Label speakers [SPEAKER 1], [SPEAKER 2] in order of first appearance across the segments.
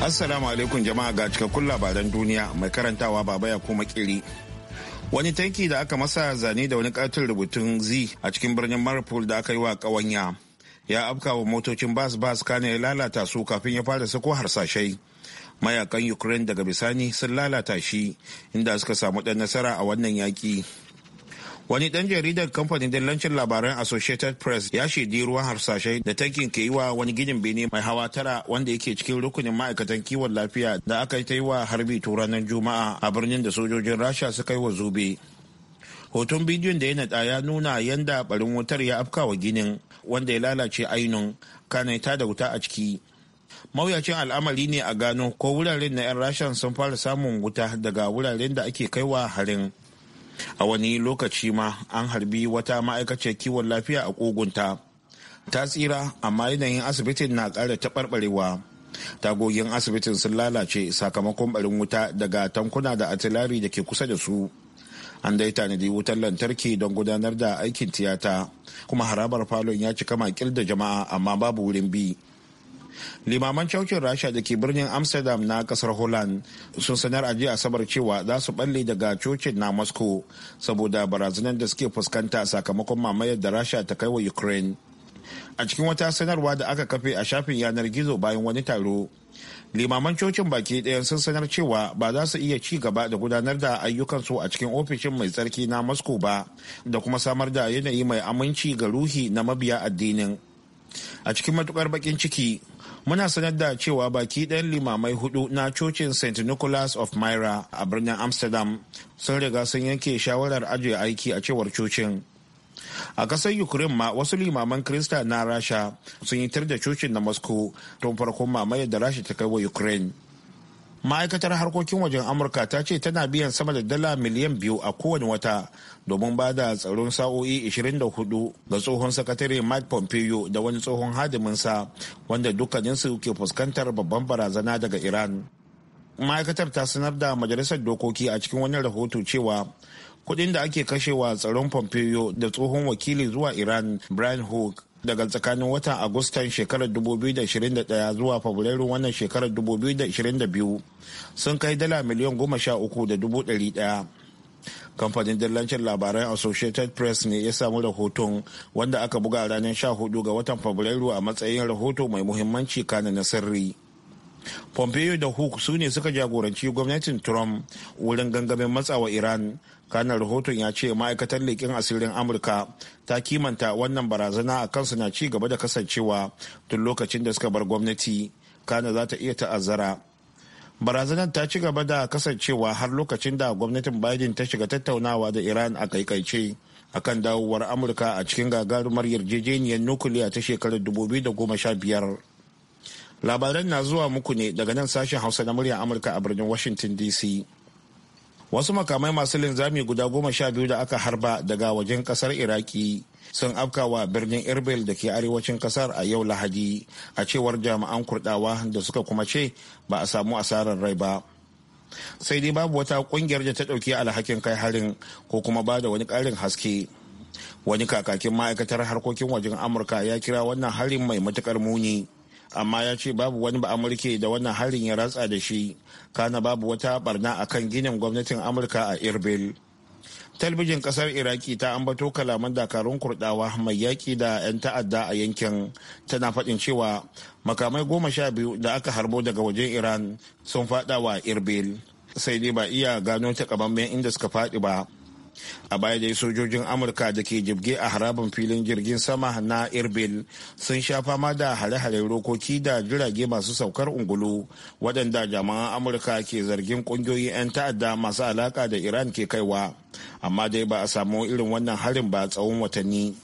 [SPEAKER 1] Assalamu alaikum jama'a ga cikakkun labaran duniya mai karantawa baba ya kuma kiri. Wani tanki da aka masa zane da wani katin rubutun Z a cikin birnin Maripol da aka yi wa ƙawanya. Ya afka wa motocin bas bas kane ya lalata su kafin ya fara sako harsashai. Mayakan Ukraine daga bisani sun lalata shi inda suka samu ɗan nasara a wannan yaƙi. wani dan jaridar kamfanin dillancin labaran associated press ya shaidi ruwan harsashai da tankin ke yi wa wani ginin bene mai hawa tara wanda yake cikin rukunin ma'aikatan kiwon lafiya da aka yi ta yi wa harbi ranar juma'a a birnin da sojojin rasha suka yi wa zube hoton bidiyon da ya naɗa ya nuna yadda barin wutar ya afkawa ginin wanda ya lalace ainun kanaita da wuta a ciki mawuyacin al'amari ne a gano ko wuraren na 'yan rashan sun fara samun wuta daga wuraren da ake kaiwa harin a wani lokaci ma an harbi wata ma'aikaciyar kiwon lafiya a kogunta ta tsira amma yanayin asibitin na ƙara taɓarɓarewa tagogin asibitin sun lalace sakamakon barin wuta daga tankuna da atilari da ke kusa da su an dai tanadi wutar lantarki don gudanar da aikin tiyata kuma harabar falon ya cika makil da jama'a amma babu wurin bi limaman cocin rasha da ke birnin amsterdam na kasar holland sun sanar a jiya asabar cewa za su balle daga cocin na moscow saboda barazanar da suke fuskanta sakamakon mamayar da rasha ta kai wa ukraine a cikin wata sanarwa da aka kafe a shafin yanar gizo bayan wani taro limaman cocin baki ɗaya sun sanar cewa ba za su iya ci gaba da gudanar da ayyukansu a cikin ofishin mai tsarki na moscow ba da kuma samar da yanayi mai aminci ga ruhi na mabiya addinin a cikin matukar bakin ciki muna sanar da cewa baki ɗan limamai hudu na cocin st nicholas of myra a birnin amsterdam sun riga sun yanke shawarar ajiye aiki a cewar cocin a ƙasar ukraine ma wasu limaman krista na rasha sun yi tar da cocin na moscow tun farkon mamayar da rasha ta kai wa ukraine ma'aikatar harkokin wajen amurka ta ce tana biyan sama da dala miliyan biyu a kowane wata domin ba da tsaron sa'o'i 24 ga tsohon sakatare mike pompeo da wani tsohon hadiminsa wanda dukkaninsu ke fuskantar babban barazana daga iran ma'aikatar ta sanar da majalisar dokoki a cikin wani rahoto cewa kudin da ake kashewa tsaron pompeo da tsohon wakili zuwa iran brian hook daga tsakanin watan agustan shekarar 2021 zuwa fabrairu wannan shekarar 2022 sun kai dala miliyan goma sha da dubu ɗaya kamfanin dillancin labaran associated press ne ya samu rahoton wanda aka buga ranar 14 ga watan fabrairu a matsayin rahoto mai muhimmanci kana na sirri pompeo da hook su ne suka jagoranci gwamnatin trump wurin gangamin matsawa iran kanar rahoton ya ce ma'aikatar leƙin asirin amurka ta kimanta wannan barazana a kansu na ci gaba da kasancewa tun lokacin da suka bar gwamnati kana za ta iya ta'azzara barazanar ta ci gaba da kasancewa har lokacin da gwamnatin biden ta shiga tattaunawa da iran a kaikaice akan dawowar amurka a cikin gagarumar yarjejeniyar nukuliya ta shekarar 2015 labaran na zuwa muku ne daga nan sashen hausa na muryar amurka a birnin washington dc wasu makamai masu linzami guda goma sha biyu da aka harba daga wajen kasar iraki sun afkawa birnin irbil da ke arewacin kasar a yau lahadi a cewar jami'an kurdawa da suka kuma ce ba a samu asarar rai ba sai dai babu wata kungiyar da ta ɗauki alhakin kai harin ko kuma ba da wani ƙarin haske wani kakakin ma'aikatar harkokin wajen amurka ya kira wannan harin mai matukar muni amma ya ce babu wani ba amurke da wannan harin ya ratsa da shi kana babu wata barna a kan ginin gwamnatin amurka a irbil talbijin kasar iraki ta ambato kalaman dakarun kurdawa mai yaƙi da 'yan ta'adda a yankin tana faɗin cewa makamai goma sha biyu da aka harbo daga wajen iran sun faɗa wa irbil sai dai ba iya gano takamammen inda suka faɗi ba a baya dai sojojin amurka da ke jibge a harabin filin jirgin sama na irbil sun sha fama da hare-hare rokoki da jirage masu saukar ungulu waɗanda jama'an amurka ke zargin ƙungiyoyin 'yan ta'adda masu alaka da iran ke kaiwa amma dai ba a samu irin wannan harin ba tsawon watanni.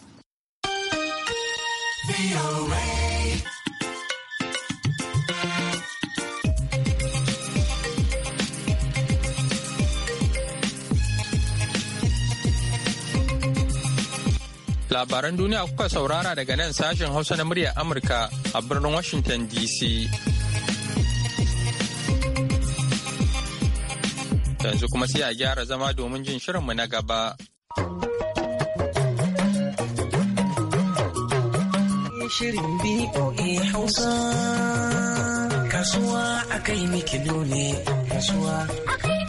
[SPEAKER 2] Labaran duniya kuka saurara daga nan sashen Hausa na muryar Amurka a birnin Washington DC. Yanzu kuma sai a gyara zama domin jin shirinmu na gaba.
[SPEAKER 3] Shirin Kasuwa a kai ne, kasuwa a kai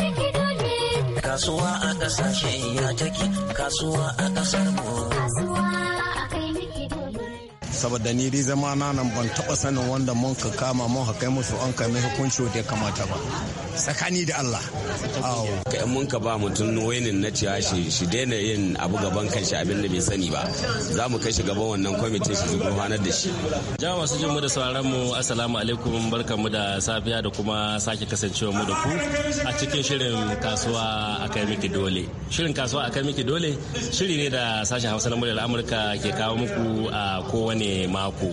[SPEAKER 3] kasuwa a kasashen ya take kasuwa a kasar mu
[SPEAKER 4] saboda ni dai zama na nan ban taba sanin wanda mun ka kama mun ka kai musu an kai mai hukunci da ya kamata ba tsakani da Allah. Awo.
[SPEAKER 5] Kai mun ka ba mutum wainin na ciya shi shi daina yin abu gaban kanshi abin da bai sani ba za mu kai shi gaban wannan kwamitin shi zuwa hanar da shi.
[SPEAKER 6] Jama'a masu jin mu da sauraron mu assalamu alaikum barkamu da safiya da kuma sake kasancewa mu da ku a cikin shirin kasuwa akai miki dole. Shirin kasuwa akai miki dole shiri ne da sashen Hausa na muryar Amurka ke kawo muku a kowane kowane mako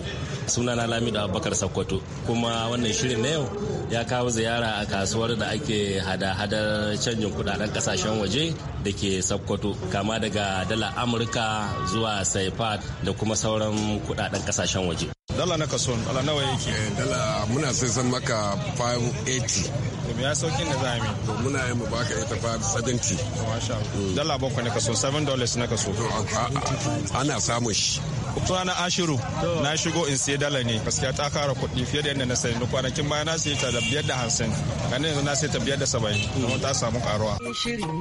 [SPEAKER 6] sunana lamido abubakar sakkwato kuma wannan shirin na yau ya kawo ziyara a kasuwar da ake hada-hadar canjin kudaden kasashen waje da ke sakkwato kama daga dala amurka zuwa saifa da kuma sauran kudaden kasashen waje
[SPEAKER 4] dala na kason dala nawa yake eh, dala muna sai san maka 580 to ya saukin da za a yi to muna yi mu baka ita fa
[SPEAKER 2] 70 masha mm. dala bakwai ne kaso 7 dollars na kaso ana samun shi tuna na ashiru na shigo in sai dala ne gaskiya ta kara kuɗi fiye da yadda na sayi kwanakin baya na sayi ta da biyar da hamsin ganin yanzu na sayi ta biyar da saba'in kuma ta samu karuwa.
[SPEAKER 7] Shirin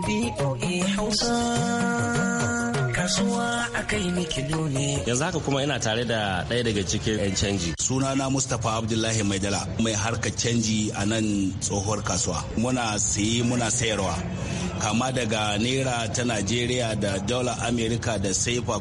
[SPEAKER 7] kasuwa a kai ni kilo ne.
[SPEAKER 6] Yanzu haka kuma ina tare da ɗaya daga cikin 'yan canji. na Mustapha Abdullahi Maidala mai
[SPEAKER 8] harkar canji a nan tsohuwar kasuwa. Muna sayi muna sayarwa. Kama daga Naira ta Najeriya da Dola Amerika da Saifa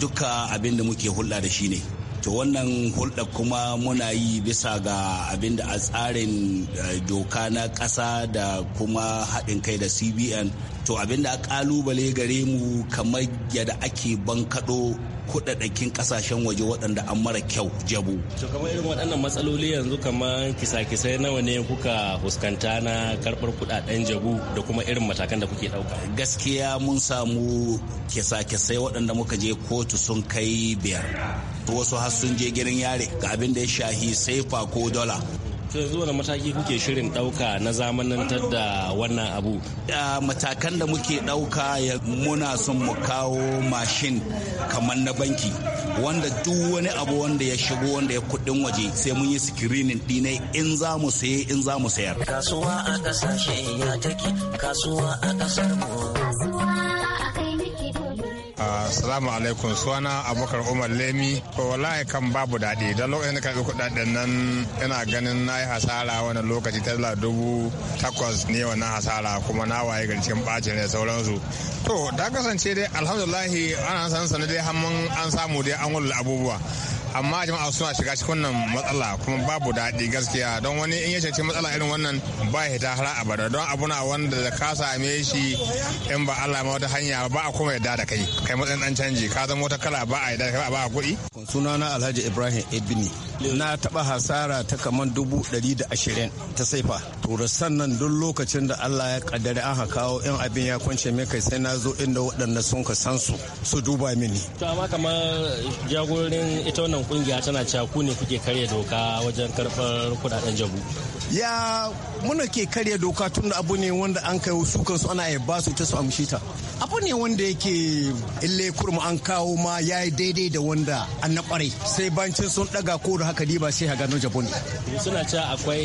[SPEAKER 8] duka abinda da muke hulɗa da shi ne. to wannan hulɗa kuma muna yi bisa ga abin a tsarin eh, doka na ƙasa da kuma haɗin kai da cbn to abin a ƙalubale gare mu kamar yadda ake bankaɗo kudaddakin kasashen waje waɗanda an mara kyau jabu. To
[SPEAKER 6] kamar irin waɗannan matsaloli yanzu kamar kisa-kisai nawa ne kuka fuskanta na karɓar kudaden jabu da kuma irin matakan da kuke ɗauka? Gaskiya mun samu kisa-kisai waɗanda muka je kotu sun
[SPEAKER 8] kai biyar. wasu har sun je gidan yare ga abin da ya shahi saifa ko dola
[SPEAKER 6] to yanzu wani mataki kuke shirin ɗauka na zamanantar da wannan abu
[SPEAKER 8] matakan da muke ɗauka muna son mu kawo mashin kamar na banki wanda duk wani abu wanda ya shigo wanda ya kuɗin waje sai mun yi sikirinin ɗine in za mu saye in za mu sayar kasuwa a kasashe ya take kasuwa a
[SPEAKER 1] kasar
[SPEAKER 4] mu
[SPEAKER 1] Assalamu alaikum suna Abubakar Umar Lemi. To wallahi kan babu daɗi don lokacin da ka kuɗaɗen nan ina ganin na yi hasara wani lokaci tala dubu takwas ne wannan hasara kuma na waye ga cikin ɓacin da sauransu. To da kasance dai alhamdulahi ana san dai, hannun an samu dai an wula abubuwa. amma jama'a suna shiga cikin wannan matsala kuma babu daɗi gaskiya don wani in ya shaci matsala irin wannan ba ya hita har abada don abu na wanda da ka same shi in ba Allah ma wata hanya ba a kuma yadda da kai kai matsayin dan canji ka zama wata kala ba a
[SPEAKER 4] yadda kai ba a kuɗi sunana Alhaji Ibrahim Ibni na taɓa hasara ta kaman dubu ɗari da ashirin ta saifa to sannan duk lokacin da Allah ya kaddari an ha kawo in abin ya kwance min kai sai na zo inda waɗanda sun ka san su su duba mini
[SPEAKER 6] to amma kamar jagorin ita wannan kungiya tana cewa ku ne kuke karya doka wajen karɓar kudaden jabu.
[SPEAKER 4] Ya muna ke karya doka tun da abu ne wanda an kai su kansu ana yi ba su ita su amshi ta abu ne wanda yake ille kurma an kawo ma ya yi daidai da wanda an na kwarai sai bancin sun daga ko da haka ba sai haga noja bonde
[SPEAKER 6] suna cewa akwai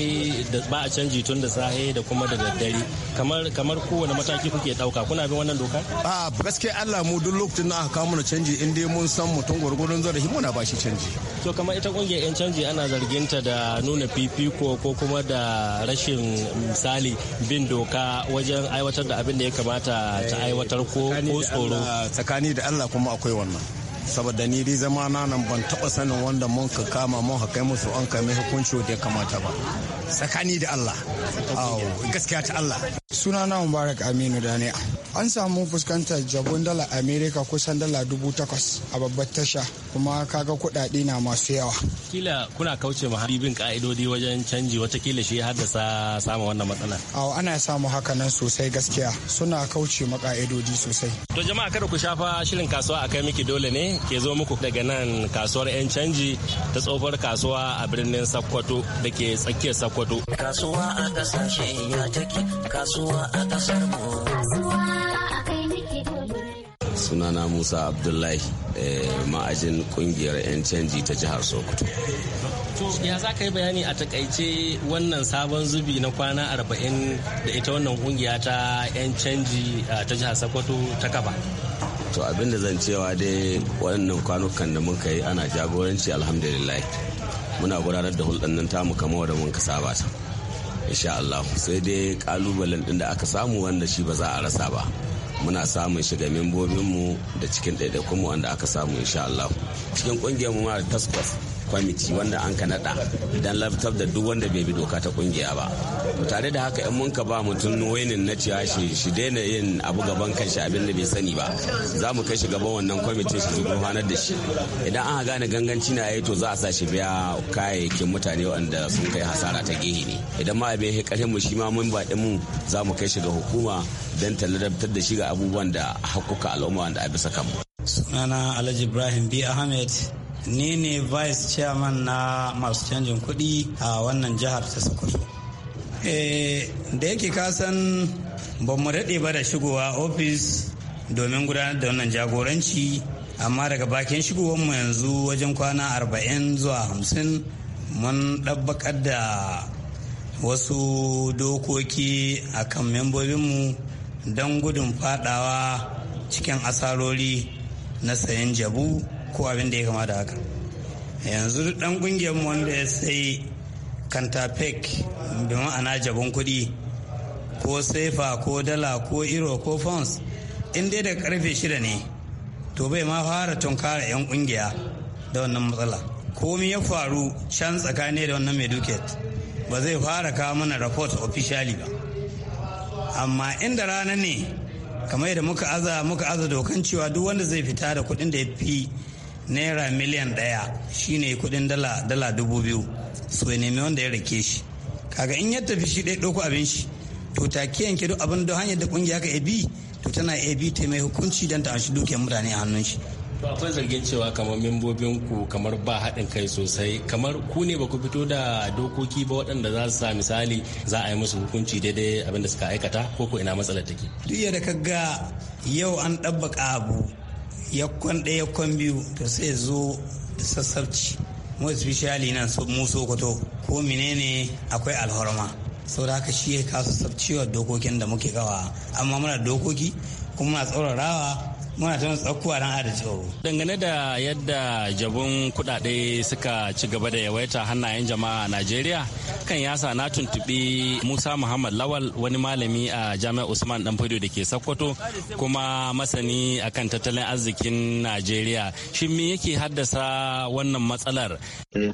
[SPEAKER 6] da ba a canji tun da sahe da kuma da daddare kamar kamar kowane mataki kuke dauka kuna
[SPEAKER 4] bin wannan doka a gaskiya Allah mu duk lokacin da aka kawo mana canji in dai mun san mutum gwargwadon zarafi muna ba shi canji
[SPEAKER 6] to kamar ita kungiyar yan canji ana zarginta da nuna fifiko ko kuma da rashin misali bin doka wajen aiwatar da abin da ya
[SPEAKER 4] kamata ta aiwatar ko tsoro tsakani da Allah kuma akwai wannan saboda ni dai zama na nan ban taba sanin wanda mun ka kama mun haka musu an kai mai hukunci wanda ya kamata ba tsakani da Allah gaskiya ta Allah suna na Mubarak Aminu Daniya an samu fuskantar jabon dala america kusan dala dubu takwas a babbar tasha kuma kaga kuɗaɗe na masu yawa
[SPEAKER 6] kila kuna kauce ma bin ka'idodi wajen canji watakila shi haddasa samun wannan matsala
[SPEAKER 4] awo ana samu haka nan sosai gaskiya suna kauce ma ka'idodi sosai
[SPEAKER 6] to jama'a kada ku shafa shirin kasuwa a kai miki dole ne ke zo muku daga nan kasuwar 'yan canji ta tsofar kasuwa a birnin Sakkwato da ke tsakiyar Sakkwato.
[SPEAKER 3] Kasuwa a kasashe ya take, kasuwa a kasar mu.
[SPEAKER 5] sunana musa abdullahi eh, ma'ajin kungiyar 'yan canji ta jihar sokoto
[SPEAKER 6] ya za ka yi bayani a takaice wannan sabon zubi na kwana 40 da ita wannan kungiya ta 'yan canji eh, ta jihar sokoto ta kaba
[SPEAKER 5] to abinda zan cewa dai waɗannan kwanukan da muka yi ana jagoranci alhamdulillah muna gudanar da hulɗan nan tamu kamar da mun ka saba ta insha Allah sai dai kalubalen din da aka samu wanda shi ba za a rasa ba muna samun shiga membobinmu da cikin ɗaiɗaikunmu wanda aka samu insha Allah cikin ƙungiyar mu ma da taskwas kwamiti wanda an ka naɗa don laptop da duk wanda bai bi doka ta kungiya ba tare da haka in mun ka ba mutum wainin na cewa shi shi daina yin abu gaban kanshi abin da bai sani ba za mu kai shi gaban wannan kwamitin shi su gurfanar da shi idan an gane ganganci na yayi to za a sa shi biya kayayyakin mutane wanda sun kai hasara ta gehe ne idan ma abin ya ƙarfin mu shi ma mun ba mu za mu kai shi ga hukuma don ladabtar da shi ga abubuwan da hakuka al'umma wanda a bisa kanmu
[SPEAKER 7] sunana alhaji ibrahim b ahmed ni ne vice chairman na masu canjin kuɗi a wannan jihar ta sokoto eh, da yake kasan ba mu daɗe ba da shigowa ofis domin gudanar da wannan jagoranci amma daga bakin shigowanmu yanzu wajen kwana arba'in zuwa hamsin mun ɗabbaƙar da wasu dokoki a kan membobinmu don gudun fadawa cikin asarori na sayan jabu ko abin da ya kama da haka yanzu dan kungiyar mu wanda ya sai kantafek bi ma'ana jabon kuɗi ko sefa ko dala ko iro ko fons in dai da karfe shida ne to bai ma fara tunkara 'yan kungiya da wannan matsala komi ya faru can tsakani da wannan mai ba zai fara kawo mana report officially ba amma inda rana ne kamar yadda muka aza muka aza dokan cewa duk wanda zai fita da kuɗin da ya fi naira miliyan ɗaya shine kuɗin dala dala dubu biyu su ne nemi wanda ya rake shi kaga in ya tafi shi ɗaya ɗauko abin shi to take yanke duk abin da hanyar da kungiya ka bi to tana bi ta mai hukunci don ta shi dukiyar mutane a hannun shi
[SPEAKER 6] to akwai zargin cewa kamar membobin ku kamar ba haɗin kai sosai kamar ku ne ba ku fito da dokoki ba waɗanda za su sa misali za a yi musu hukunci daidai abin da suka aikata ko ko ina matsalar take
[SPEAKER 7] duk yadda ka ga yau an ɗabbaka abu yakkon ɗaya yakkon biyu to sai zo da sassabci mu especially nan mu sokoto ko menene akwai alhorma saboda haka shi ya kasu wa dokokin da muke gawa amma muna dokoki kuma muna tsaurarawa muna ta tsakuwa nan adadi tsaro. Dangane da yadda
[SPEAKER 6] jabun kudade suka ci gaba da yawaita hannayen jama'a a Najeriya kan yasa na tuntuɓi Musa Muhammad Lawal wani malami a Jami'a Usman Danfodio da ke Sokoto kuma masani akan tattalin arzikin Najeriya. Shin me yake haddasa wannan matsalar?
[SPEAKER 9] Eh,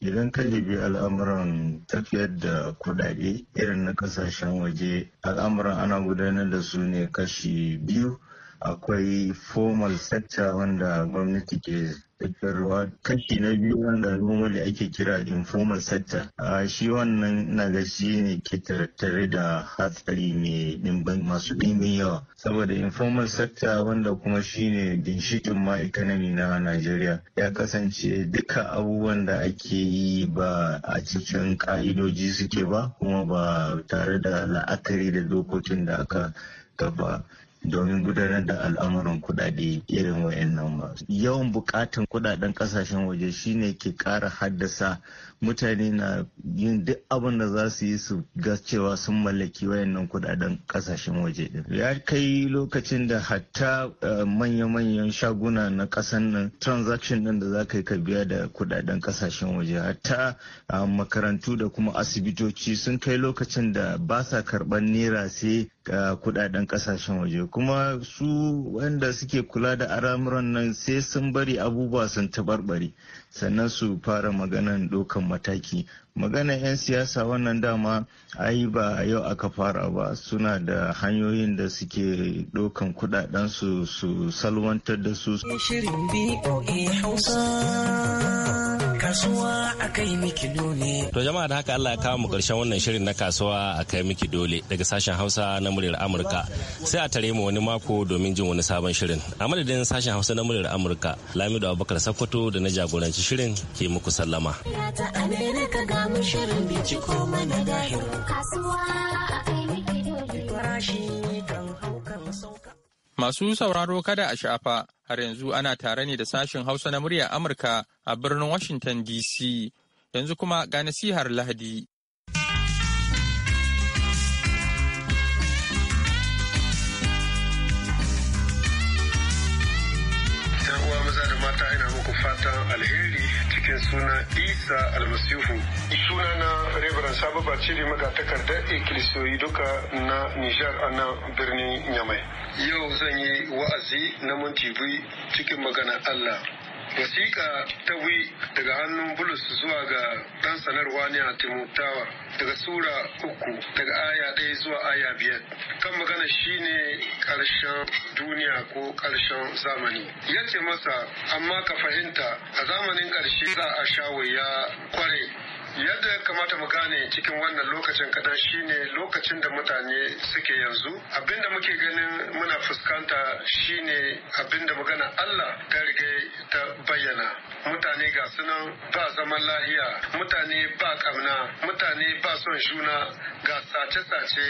[SPEAKER 9] idan ka dubi al'amuran tafiyar da kuɗaɗe irin na kasashen waje al'amuran ana gudanar da su ne kashi biyu akwai formal sector wanda gwamnati ke fitarwa kashi na biyu wanda normally ake kira informal sector a shi wannan na shi ne ke tattare da hatsari mai dimbin masu dimbin yawa saboda informal sector wanda kuma shi ne ginshikin ma'aikatan na Najeriya ya kasance duka abubuwan da ake yi ba a cikin ka'idoji suke ba kuma ba tare da la'akari da dokokin da aka kafa domin gudanar da al'amuran kuɗaɗe irin wayannan ba yawan bukatan kuɗaɗen kasashen waje shine ke ƙara haddasa mutane na yin duk abin da za su yi su ga cewa sun mallaki wayannan kudaden kasashen waje din ya kai lokacin da hatta eh, manya-manyan shaguna na kasan nan transaction din da za ka yi ka biya da kudaden kasashen waje hatta eh, makarantu da kuma asibitoci sun kai lokacin da ba sa karban naira sai eh, kudaden kasashen waje kuma su wanda suke kula da al'amuran nan sai sun bari abubuwa sun taɓarɓare sannan su fara maganan dokan mataki magana 'yan siyasa wannan dama ai ba yau aka fara ba suna da hanyoyin da suke dokan kudaden su su salwantar da su shirin boa
[SPEAKER 7] hausa kasuwa a kai miki dole.
[SPEAKER 9] To jama'a da haka Allah ya kawo
[SPEAKER 6] mu karshen wannan shirin na kasuwa a kai miki dole daga sashen Hausa na muryar Amurka. Sai a tare mu wani mako domin jin wani sabon shirin. A madadin sashen Hausa na muryar Amurka, Lamido Abubakar Sakkwato da na jagoranci shirin ke muku sallama.
[SPEAKER 3] Kasuwa a kai miki dole. Farashi kan sauka.
[SPEAKER 2] Masu sauraro kada a shafa har yanzu ana tare ne da sashen Hausa na murya Amurka a birnin Washington DC. Yanzu kuma ga nasihar Lahadi. uwa maza da mata ina muku fatan alheri cikin suna
[SPEAKER 10] isa almasihu suna na ba cire baciri magatakardar ikilisiyoyi duka na nijar a nan birnin yamai yau zan yi wa'azi na minti biyu cikin magana allah wasiƙa ta wi daga hannun bulus zuwa ga ɗan sanarwa ne a timotawa daga sura uku daga aya ɗaya zuwa aya biyar kan magana shine ƙarshen duniya ko ƙarshen zamani ya ce masa amma ka fahimta a zamanin ƙarshe za a sha wuya kware yadda ya kamata mu gane cikin wannan lokacin kadan shine lokacin da mutane suke yanzu abinda muke ganin muna fuskanta shine abinda magana Allah ta riga ta bayyana mutane ga sunan ba zaman lahiya mutane ba kamna mutane ba son juna ga sace-sace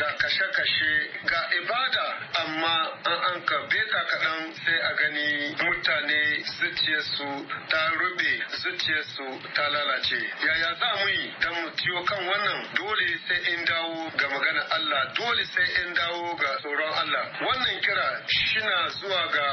[SPEAKER 10] ga kashe-kashe ga ibada amma an an ka beta kaɗan sai a gani mutane zuciyarsu ta rube zuciyarsu ta lalace yaya za mu yi don mu ciwo kan wannan dole sai in dawo ga magana Allah dole sai in dawo ga tsoron Allah wannan kira shina zuwa ga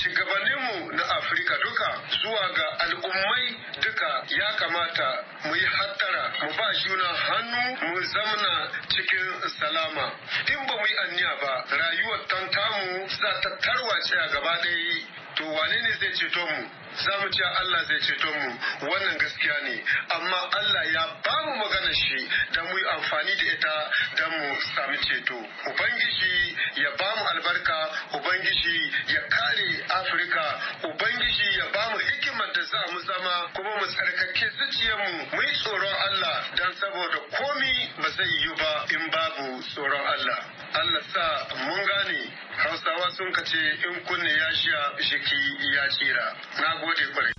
[SPEAKER 10] shugabanninmu na Afirka duka zuwa ga al'ummai duka ya kamata mu yi hattara mu ba juna hannu mu zamna cikin salama in ba mu yi anniya ba rayuwar tantamu za ta tarwace a gaba ɗaya to wane ne zai ceto mu za mu ce Allah zai ceto mu wannan gaskiya ne amma Allah ya ba mu magana shi da mu yi amfani da ita da mu sami ceto ubangiji ya ba mu albarka ubangiji ya kare afirka ubangiji ya ba mu hikimar da za mu zama kuma mu tsarkake zuciyarmu mu yi tsoron Allah don saboda komi ba zai yi ba in babu tsoron Allah Allah sun ka ce in kunne ya shiya jiki ya tsira na gode
[SPEAKER 2] kwarai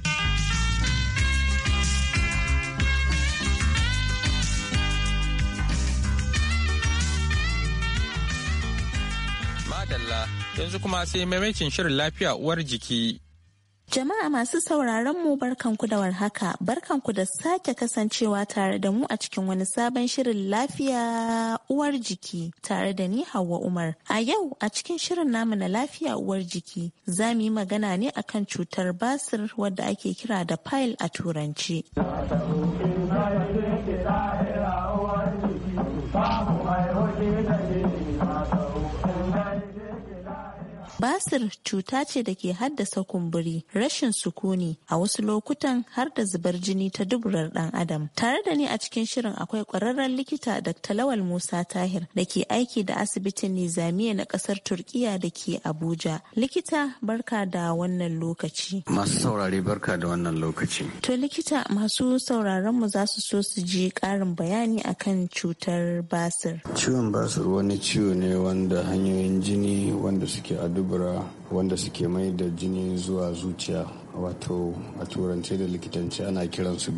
[SPEAKER 2] madalla yanzu kuma sai maimakin shirin lafiya uwar jiki
[SPEAKER 3] Jama'a masu sauraron mu barkanku da warhaka, barkanku da sake kasancewa tare da mu a cikin wani sabon shirin lafiya uwar jiki tare da ni Hauwa Umar. A yau a cikin shirin namu na lafiya uwar jiki za mu yi magana ne akan cutar basir wadda ake kira da pile a turanci. basir cuta ce da ke haddasa kumburi rashin sukuni a wasu lokutan har da zubar jini ta duburar dan adam tare da ni a cikin shirin akwai kwararren likita dr lawal musa tahir da ke aiki da asibitin nizamiya na kasar turkiya da ke abuja likita barka da wannan lokaci masu
[SPEAKER 11] saurare barka da wannan lokaci
[SPEAKER 3] to likita masu sauraron mu za su so su ji karin bayani akan cutar basir
[SPEAKER 11] ciwon basir wani ciwo ne wanda hanyoyin jini wanda suke a lebura wanda suke mai da jini zuwa zuciya wato a turance da likitanci ana kiransu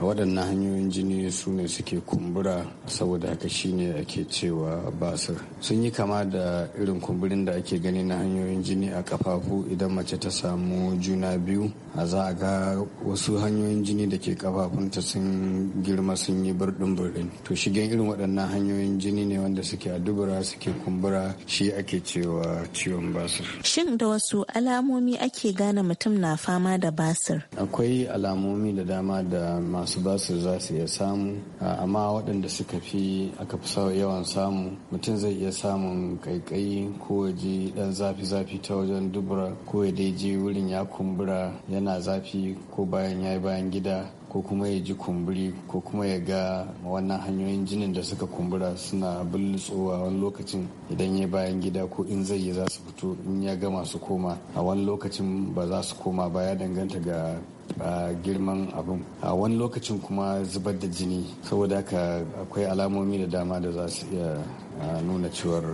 [SPEAKER 11] A waɗannan hanyoyin jini su ne suke kumbura saboda haka shine ake cewa basir sun yi kama da irin kumburin da ake gani na hanyoyin jini a kafafu idan mace ta samu juna biyu a za a ga wasu hanyoyin jini da ke kafafunta sun girma sun yi burɗin burɗin to shigen irin waɗannan hanyoyin jini ne wanda suke a dubura suke kumbura shi ake cewa ciwon basir
[SPEAKER 3] shin da wasu alamomi ake gane mutum na fama da basir?
[SPEAKER 11] Akwai alamomi da dama da masu basir za su iya samu, amma waɗanda suka fi aka fi yawan samu mutum zai iya samun kaikayi ko ji ɗan zafi-zafi ta wajen dubura ko ya dai je wurin ya kumbura yana zafi ko bayan ya yi bayan gida ko kuma ya ji kumburi ko kuma ya ga wannan hanyoyin jinin da suka kumbura suna bullutsowa wani lokacin idan ya bayan gida ko in zai yi za su fito in ya ga masu koma a wani lokacin ba za su koma ba ya danganta ga a girman abin a wani lokacin kuma zubar da jini saboda haka akwai alamomi da dama da za su iya nuna cewar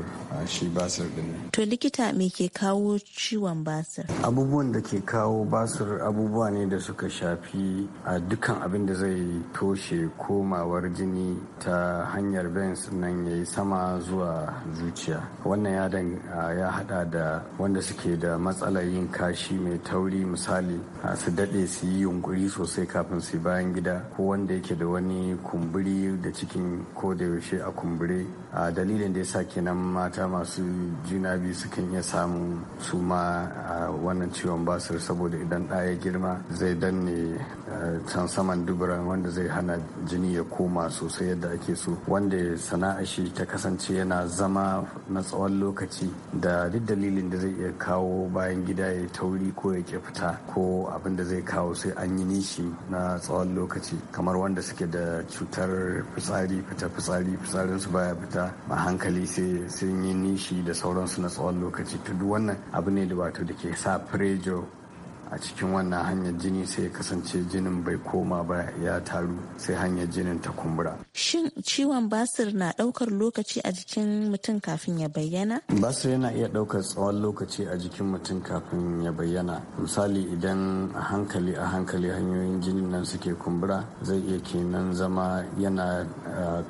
[SPEAKER 11] shi basir din
[SPEAKER 3] to likita me ke kawo ciwon basir
[SPEAKER 11] abubuwan da ke kawo basir abubuwa ne da suka shafi a dukkan abin da zai toshe komawar jini ta hanyar veins nan yayi sama zuwa zuciya wannan ya ya hada da wanda suke da matsalar yin kashi mai tauri misali su dade su yi yunkuri sosai kafin su bayan gida ko wanda yake da wani kumburi da cikin ko da yaushe a kumbure a dalilin da ya sa kenan mata masu jina biyu sukan iya samun suma a wannan ciwon basir saboda idan ɗa ya girma zai danne can saman dubura wanda zai hana jini ya koma sosai yadda ake so wanda sana'a shi ta kasance yana zama na tsawon lokaci da duk dalilin da zai iya kawo bayan gida ya tauri ko ya ke fita ko abin da zai kawo sai an yi nishi na tsawon lokaci kamar wanda suke da cutar fitsari fita fitsari fitsarinsu baya fita a hankali sai sun yi nishi da sauransu na tsawon lokaci to duk wannan abu ne da wato da ke sa prejo a cikin wannan hanyar jini sai ya kasance jinin bai koma ba ya taru sai hanyar jinin ta kumbura.
[SPEAKER 3] Shin ciwon basir na ɗaukar lokaci a jikin mutum kafin ya bayyana?
[SPEAKER 11] Basir yana iya ɗaukar tsawon lokaci a jikin mutum kafin ya bayyana. Misali idan a hankali a hankali hanyoyin jinin nan suke kumbura zai iya kenan zama yana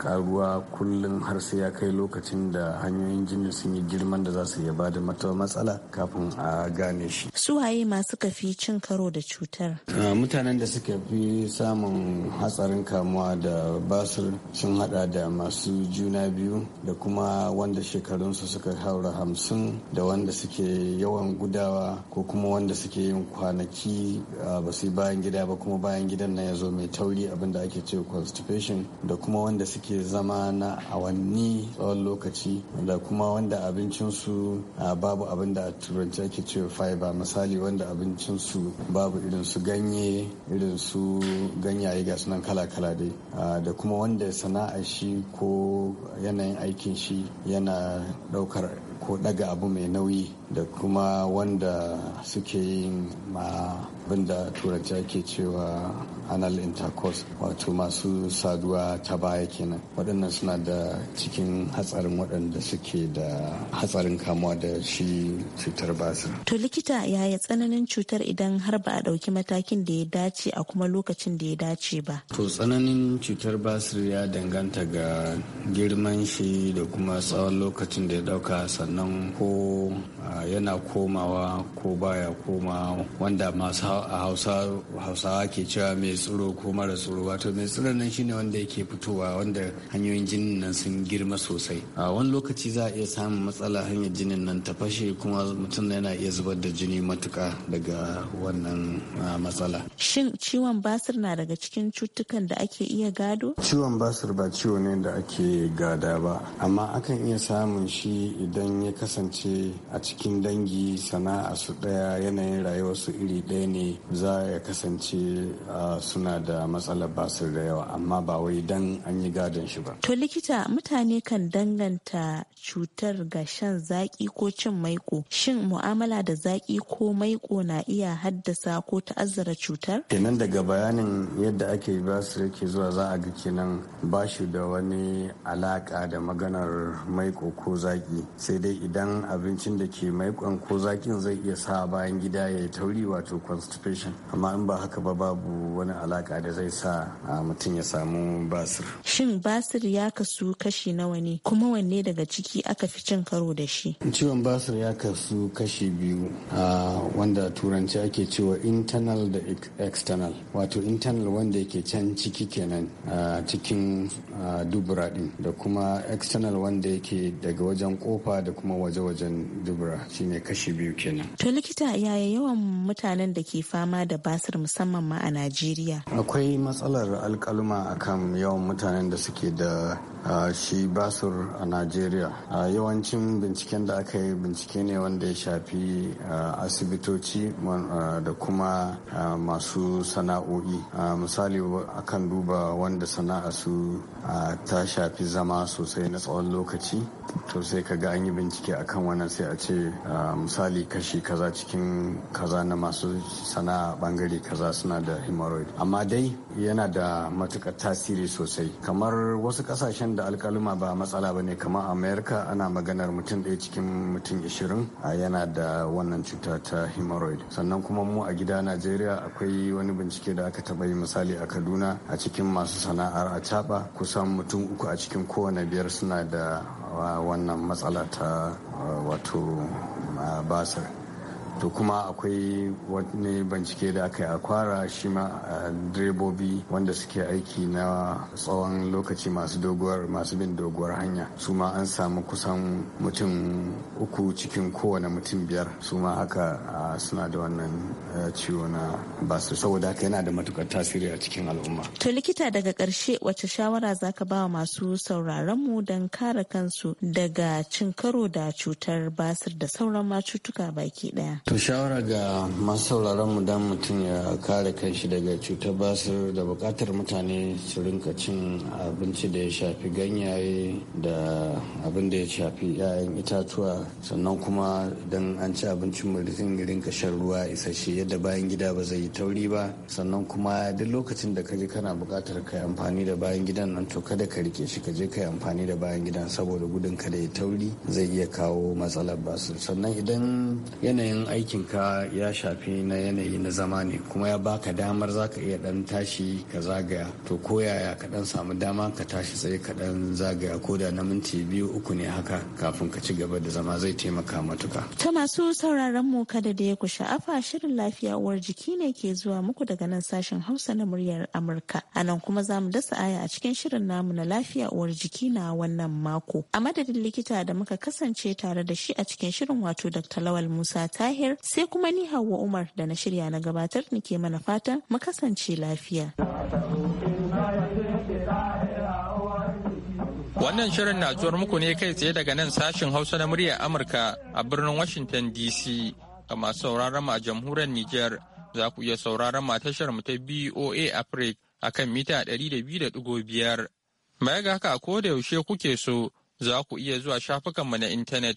[SPEAKER 11] karuwa kullum har sai ya kai lokacin da hanyoyin jinin sun yi girman da za su iya bada mata matsala kafin a gane shi.
[SPEAKER 3] Suwaye masu kafi fi cin karo da cutar.
[SPEAKER 11] Mutanen da suka fi samun hatsarin kamuwa da basir sun hada da masu juna biyu da kuma wanda shekarunsu suka haura hamsin da wanda suke yawan gudawa ko kuma wanda suke yin kwanaki ba su bayan gida ba kuma bayan gidan na ya zo mai tauri abinda ake ce constipation da kuma wanda suke zama na awanni tsawon lokaci da kuma wanda abincinsu babu abin a turanci ake ce fiber misali wanda abincin su babu irin su ganye irin su ganyaye ga sunan kala-kala dai ah, da kuma wanda sana'a shi ko yanayin aikin shi yana daukar ko daga abu mai nauyi da kuma wanda suke yin ma ah, abinda turanci ake cewa anal intercourse wato masu saduwa ta baya kenan waɗannan suna da cikin hatsarin waɗanda suke da hatsarin kamuwa da shi cutar basir.
[SPEAKER 3] to likita yaya tsananin cutar idan har ba a ɗauki matakin da ya dace a kuma lokacin da ya dace ba
[SPEAKER 11] to tsananin cutar basir ya danganta ga girman shi da kuma tsawon lokacin da ya ɗauka sannan ko Ah, yana komawa ko baya koma wanda masu hausawa ke cewa mai tsiro ko mara tsiro wato mai tsiro nan shine wanda yake fitowa wanda hanyoyin jinin nan sun girma sosai a wani lokaci za a iya samun matsala hanyar jinin nan ta fashe kuma mutum yana iya zubar da jini matuka daga wannan matsala
[SPEAKER 3] shin ciwon basir na daga cikin cutukan da ake iya gado
[SPEAKER 11] ciwon basir ba ciwo ne da ake gada ba amma akan iya samun shi idan ya kasance a cikin cikin dangi sana'a su ɗaya yanayin su iri ɗaya ne za ya kasance suna da matsalar su da yawa amma ba wai dan an yi gadon shi ba.
[SPEAKER 3] To likita mutane kan danganta cutar ga shan zaƙi ko cin maiko shin mu'amala da zaƙi ko maiko na iya haddasa ko ta'azzara cutar?
[SPEAKER 11] Kenan daga bayanin yadda ake su yake zuwa za a ga kenan ba shi da wani alaƙa da maganar maiko ko zaƙi sai dai idan abincin da ke ke mai ko zakin zai iya sa bayan gida ya yi tauri wato constipation amma in ba haka ba babu wani alaka da zai sa mutum ya samu basir
[SPEAKER 3] shin basir ya kasu kashi nawa ne kuma wanne daga ciki aka fi cin karo da shi
[SPEAKER 11] ciwon basir ya kasu kashi biyu wanda turanci ake cewa internal da external wato internal wanda yake can ciki kenan cikin dubura din da kuma external wanda yake daga wajen kofa da kuma waje-wajen dubura Shi shine kashi biyu kenan.
[SPEAKER 3] To likita yaya yawan mutanen da ke fama da basir musamman ma a Najeriya?
[SPEAKER 11] Akwai matsalar alkaluma akan yawan mutanen da suke da shi basur a Najeriya. Yawancin binciken da aka yi bincike ne wanda ya shafi asibitoci da kuma masu sana'o'i. Misali akan duba wanda sana'a su ta shafi zama sosai na tsawon lokaci to sai ka ga an yi bincike akan wannan sai a ce misali kashi kaza cikin kaza na masu sana'a bangare kaza suna da hemorrhoid amma dai yana da matukar tasiri sosai kamar wasu kasashen da alkaluma ba matsala ba ne kamar amerika ana maganar mutum ɗaya cikin mutum 20 yana da wannan cuta ta hemorrhoid sannan kuma mu a gida najeriya akwai wani bincike da aka taɓa yi misali a kaduna a cikin masu sana'ar a kusan mutum uku a cikin kowane biyar suna da wannan matsala ta uh, wato uh, basir to kuma akwai wani bincike da aka yi a kwara shi ma direbobi wanda suke aiki na tsawon lokaci masu doguwar masu bin doguwar hanya su ma an samu kusan mutum uku cikin kowane mutum biyar su ma haka suna da wannan ciwo na basu saboda haka yana da matukar tasiri a cikin al'umma
[SPEAKER 3] to likita daga karshe wace shawara zaka ba wa masu sauraron mu don kare kansu daga cin karo da cutar basir da sauran ma cutuka baki daya
[SPEAKER 11] To shawara ga masu sauraron mu dan mutum ya kare kanshi daga cutar basu da bukatar mutane su rinka cin abinci da ya shafi ganyaye da abin da ya shafi 'ya'yan itatuwa sannan kuma idan an ci abincin mutum rinka shan ruwa isasshe yadda bayan gida ba zai yi tauri ba sannan kuma duk lokacin da kaje kana bukatar ka amfani da bayan gidan nan to kada ka rike shi ka je ka amfani da bayan gidan saboda gudun kada ya tauri zai iya kawo matsalar basir sannan idan yanayin aikinka ya shafi na yanayi na zama ne kuma ya baka damar za ka iya dan tashi ka zagaya to ko yaya ka dan samu dama ka tashi sai ka dan zagaya ko da na minti biyu uku ne haka kafin ka ci gaba da zama zai taimaka matuka.
[SPEAKER 3] ta masu sauraron mu kada da ya ku sha'afa shirin lafiya uwar jiki ne ke zuwa muku daga nan sashen hausa na muryar amurka a nan kuma za mu dasa aya a cikin shirin namu na lafiya uwar jiki na wannan mako a madadin likita da muka kasance tare da shi a cikin shirin wato dr lawal musa tahir sai kuma ni hawa umar da na shirya na gabatar nike mana fatan mu kasance lafiya
[SPEAKER 2] Wannan shirin na zuwar muku ne kai tsaye daga nan sashin Hausa na muryar Amurka a birnin Washington DC. Ga masu sauraron mu a jamhuriyar niger za ku iya sauraron mu a tashar mu ta BOA Africa a kan mita 200.5. Baya ga haka a da yaushe kuke so za ku iya zuwa shafukanmu na intanet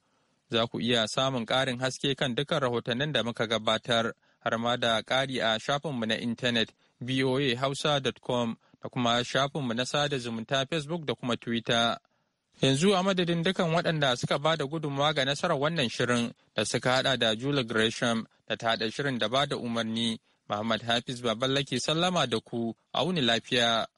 [SPEAKER 2] Za ku iya samun ƙarin haske kan dukkan rahotannin da muka gabatar har ma da kari a shafinmu na intanet voahausa.com da kuma shafinmu na sada zumunta Facebook da kuma Twitter. Yanzu a madadin dukan waɗanda suka ba da gudunmawa ga nasarar wannan shirin da suka haɗa da Julie Gresham da ta haɗa shirin da ba da umarni, Muhammad Hafiz Baballake sallama da ku, auni lafiya.